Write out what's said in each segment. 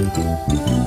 Thank you.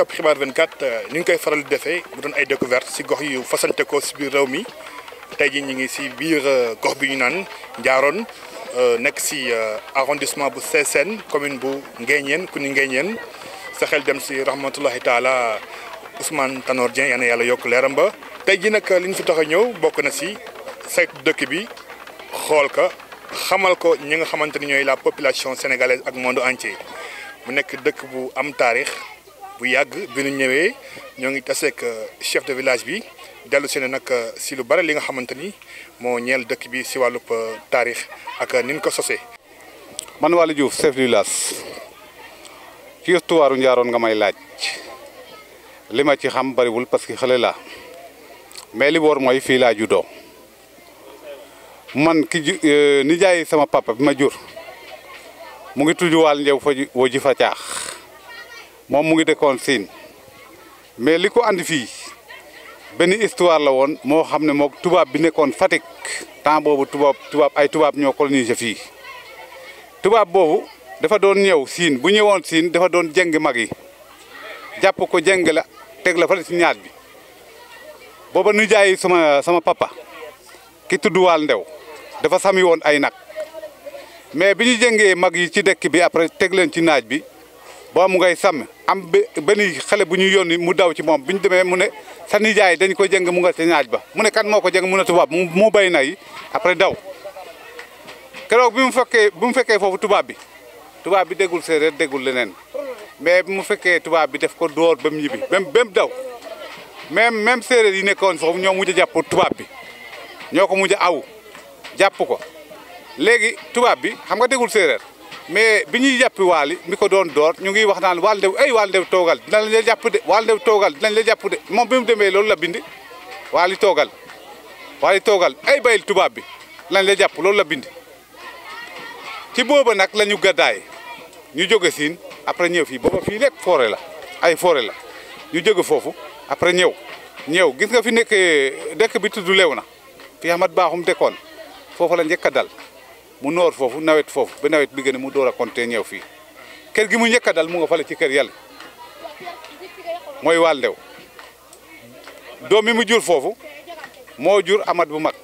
topp xibaar 24 euh, ñu ngi koy faral di defee mu doon ay découverte ci gox yu fasante ko ci biir réew mi tey jii ñu ngi ci biir euh, gox bi ñu naan Njaaroon euh, nekk ci arrondissement bu Sessène commune bu Nguéniène ku ñu Nguéniène sa xel dem ci rahmatullahi taala Ousmane Tanor Dieng yal na yàlla yokk leeram ba tey ji nag li ñu fi tax ñëw bokk na ci saytu dëkk bi xool ka xamal ko ñi nga xamante ni ñooy la population sénégalaise ak monde entier mu nekk dëkk bu am taarix. bu yàgg bi ñu ñëwee ñoo ngi taseek euh, chef de village bi dellu si ne nag euh, si lu bare li nga xamante ni moo ñeel dëkk bi si wàllu euh, taarix ak nin ko sosee. man Waly Diouf chef de village ci histoire Njaaroon nga may laaj li ma ci xam bariwul parce que xale laa mais li woor mooy fii laa juddoo man ki ju nijaay sama papa ma jur mu ngi tudd Waal Njew fa ji fa caax. moom mu ngi dëkkoon siin mais li ko andi fii benn histoire la woon moo xam ne moog tubaab bi nekkoon Fatick temps boobu tubaab tubaab ay tubaab ñoo colonisé fii tubaab boobu dafa doon ñëw siin bu ñëwoon siin dafa doon jëng mag yi jàpp ko jëng la tegle la fa si ñaat bi booba nu jaay sama sama papa ki tudduwaal Ndew dafa sami woon ay nag mais bi ñu jëngee mag yi ci dëkk bi après teg leen ci naaj bi boo mu ngay sàmm am benn xale bu ñuy yónni mu daw ci moom bi ñu demee mu ne sa nijaay dañ ko jëng mu nga sa ñaaj ba mu ne kan moo ko jëng mu ne tubaab mu bay nay après daw keroog bi mu fekkee bi mu fekkee foofu tubaab bi tubaab bi déggul séeréer déggul leneen mais bi mu fekkee tubaab bi def ko door ba mu ñibbi ba daw même même séeréer yi nekkoon foofu ñoo mu a jàpp tubaab bi ñoo ko mujj a aw jàpp ko léegi tubaab bi xam nga déggul séeréer mais bi ñuy jàppi waali mi ko doon door ñu ngi wax naan waal ndew ay eh waal ndew toogal dinañ la jàpp de waal ndew toogal dinañ la jàpp de moom bi mu demee loolu la bind waali toogal waali toogal ay bayil tubaab bi dinañ la jàpp loolu la bind ci booba nag la ñu gàddaay ñu jóge siin après ñëw fii booba fii lépp forêt la ay forêt la ñu jóge foofu après ñëw ñëw gis nga fi nekk dëkk bi tudd lew na fi Ahmad Bakhoum dëkkoon foofu la njëkk a dal mu noor foofu nawet foofu ba nawet bi gën a mu door a compter ñëw fii kër gi mu njëkk a dal mu nga fale ci kër yàlla mooy waal ndew doom mi mu jur foofu moo jur amat bu mag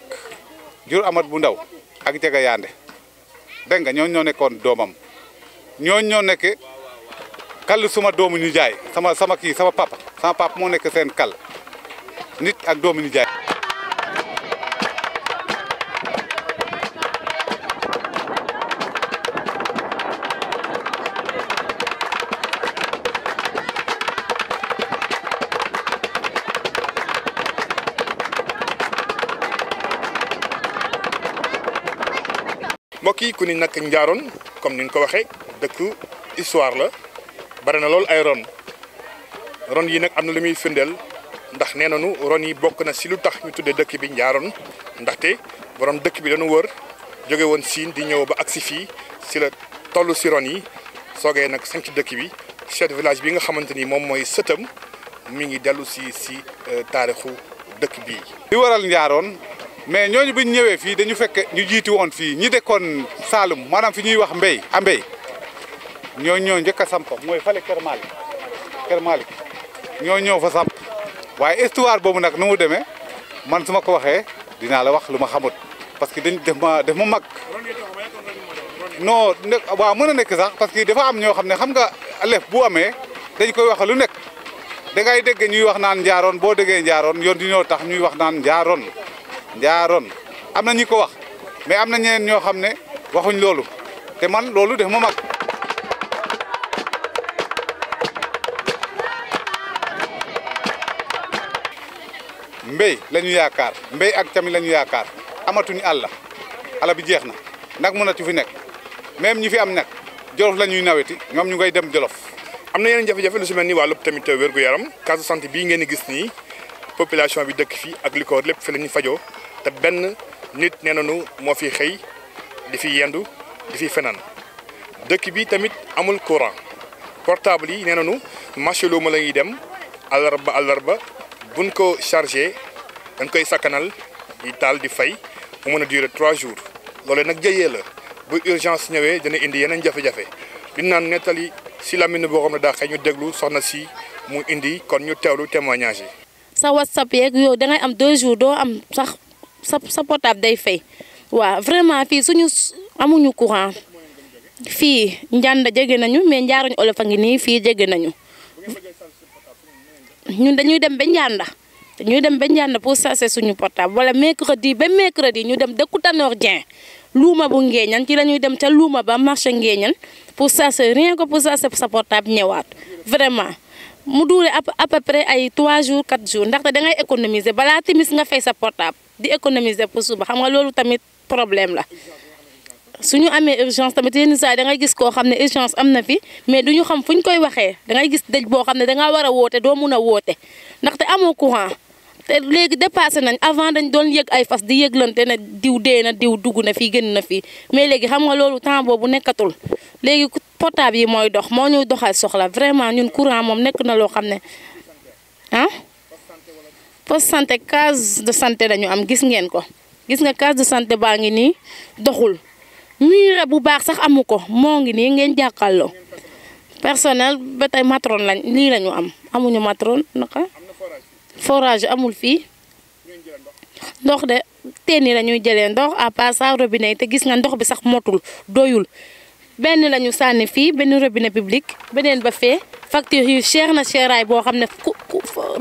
jur amat bu ndaw ak jaga yaande dégg nga ñooñu ñoo nekkoon doomam ñooñu ñoo nekk kàll suma doomu ñu jaay sama sama kii sama papa sama papa moo nekk seen kal nit ak doomu ñu jaay bokk yi ku ni nag njaaroon comme ni nga ko waxee dëkku histoire la bare na lool ay ron ron yi nag am na lu muy findeel ndax nee nañu ron yi bokk na si lu tax ñu tuddee dëkk bi njaaroon ndaxte borom dëkk bi dañu wër jóge woon siin di ñëw ba agsi fii si la toll si ron yi soogee nag sanc dëkk bi chef village bi nga xamante ni moom mooy sëtam mi ngi dellu si si euh, taarixu dëkk bii. li waral njaaroon. mais ñooñu bu ñu ñëwee fii dañu fekk ñu jiitu woon fii ñu dëkkoon Saalum maanaam fi ñuy wax mbéy a ah, mbéy ñoo ñoo njëkk a samp mooy fale Kër Malick ñoo ñëw fa samp waaye histoire boobu nag nu mu demee man su ma ko waxee dinaa la wax lu ma xamut parce que dañ def ma def ma mag non waaw mën a nekk sax parce que dafa am ñoo xam ne xam nga lef bu amee dañ koy wax lu nekk da ngay dégg ñuy wax naan njaaroon boo déggee njaaroon yoon di ñoo tax ñuy wax naan njaaroon njaaroon am na ñi ko wax mais am na ñeneen ñoo xam ne waxuñ loolu te man loolu def ma mag mbéy la ñu yaakaar mbéy ak tamit la ñu yaakaar amatuñu àll àll bi jeex na nag mën a ci fi nekk même ñi fi am nag jolof la ñuy naweti ñoom ñu ngay dem jolof am na yeneen jafe-jafe lu si mel ni wàllu tamit wér-gu-yaram case de bii ngeen di gis nii population bi dëkk fii ak li ko lépp fi la ñuy fajoo te benn nit nee nañu moo fi xëy di fi yendu di fi fenaan dëkk bi tamit amul courant portable yi ne nee nañu marché luuma la ñuy dem àllarba àllarba buñ ko chargé dañ koy sakkanal di taal di fay mu mën a durer trois jours loole nag jëyee la bu urgence ñëwee dana indi yeneen jafe-jafe li naan nettali si Lamine boo xam ne daa xëy ñu déglu soxna si mu indi kon ñu teewlu témoignage yi. sa whatsapp yow dangay am deux jours doo am sax. sa sa portable day fay waaw vraiment fii suñu amuñu courant fii njànd jege nañu mais njaaruñ olof ngi nii fii jege nañu ñun dañuy dem ba njànd ñuy dem ba njànd pour charger suñu portable wala mercredi ba mercredi ñu dem dëkku Tanor Dieng luuma bu ngeeñan ci la ñuy dem ca luuma ba marché ngeeñan pour charger rien que pour charger sa portable ñëwaat vraiment mu duure à peu près ay trois jours 4 jours ndaxte dangay ngay balaa timis nga fay sa portable. di économiser pour suba xam nga loolu tamit problème la su ñu amee urgence tamit yenn saa da gis koo xam ne urgence am na fi mais du ñu xam fu ñu koy waxee da gis dëj boo xam ne da war a woote doo mun a woote ndaxte amoo courant te léegi dépassé nañ avant dañ doon yëg ay fas di yëglante ne diw dee na diw dugg na fii génn na fii mais léegi xam nga loolu temps boobu nekkatul léegi portable yi mooy dox moo ñuy doxal soxla vraiment ñun courant moom nekk na loo xam ne ah. poste santé case de santé dañu am gis ngeen ko gis nga case de santé baa ngi nii doxul mur bu baax sax amu ko moo ngi nii ngeen jàkkaarloo personnel ba tey matron lañ lii lañu am amuñu matron naka forage amul fii ndox de teen yi la ñuy jëlee ndox à part ça robinet yi te gis nga ndox bi sax motul doyul benn la sànni fii benn robinet public beneen ba fee facture yu cher na cheraay boo xam ne ku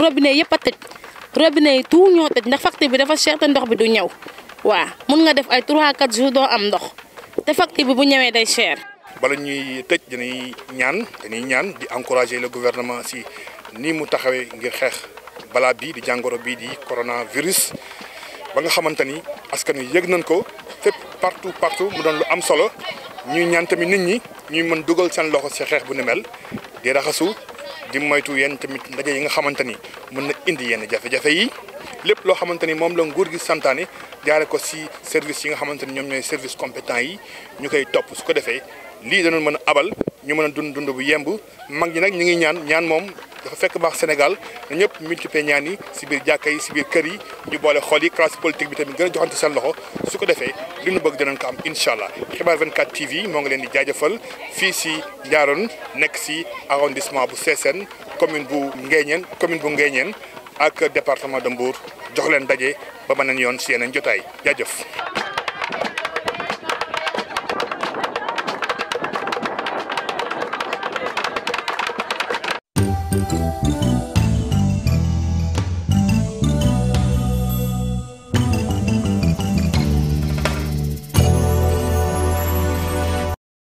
robinet yëpp a tëj robinet yi tu ñoo tëj ndax facture bi dafa cher te ndox bi du ñaw waa mun nga def ay 3 4 jours doo am ndox te facture bi bu ñëwee day chair bala ñuy tëj dañuy ñaan dañuy ñaan di encourager la gouvernement si nii mu taxawee ngir xeex balaa bii di jàngoro bii di coronavirus ba nga xamante ni que wi yëg nañ ko fépp partout partout mu doon lu am solo ñuy ñaan tamit nit ñi ñuy mën dugal seen loxo si xeex bu ni mel di raxasu. di moytu yenn tamit ndaje yi nga xamante ni mën na indi yenn jafe-jafe yi lépp loo xamante ni moom la nguur gi santaane jaare ko si service yi nga xamante ni ñoom ñooy service compétent yi ñu koy topp su ko defee lii danoon mën a abal ñu mën a dund dund bu yemb mag ñi nag ñu ngi ñaan ñaan moom dafa fekk baax Sénégal na ñëpp multiplier ñaan yi si biir jàkka yi si biir kër yi ñu boole xol yi classe politique bi tamit gën a joxante seen loxo su ko defee li ñu bëgg dinañ ko am incha allah xibaar 24 TV moo ngi leen di jaajëfal fii si Ndiarone nekk si arrondissement bu Sessène commune bu Nguéniène commune bu Nguéniène ak département de Mbour jox leen daje ba ba beneen yoon si yeneen jotaay jaajëf.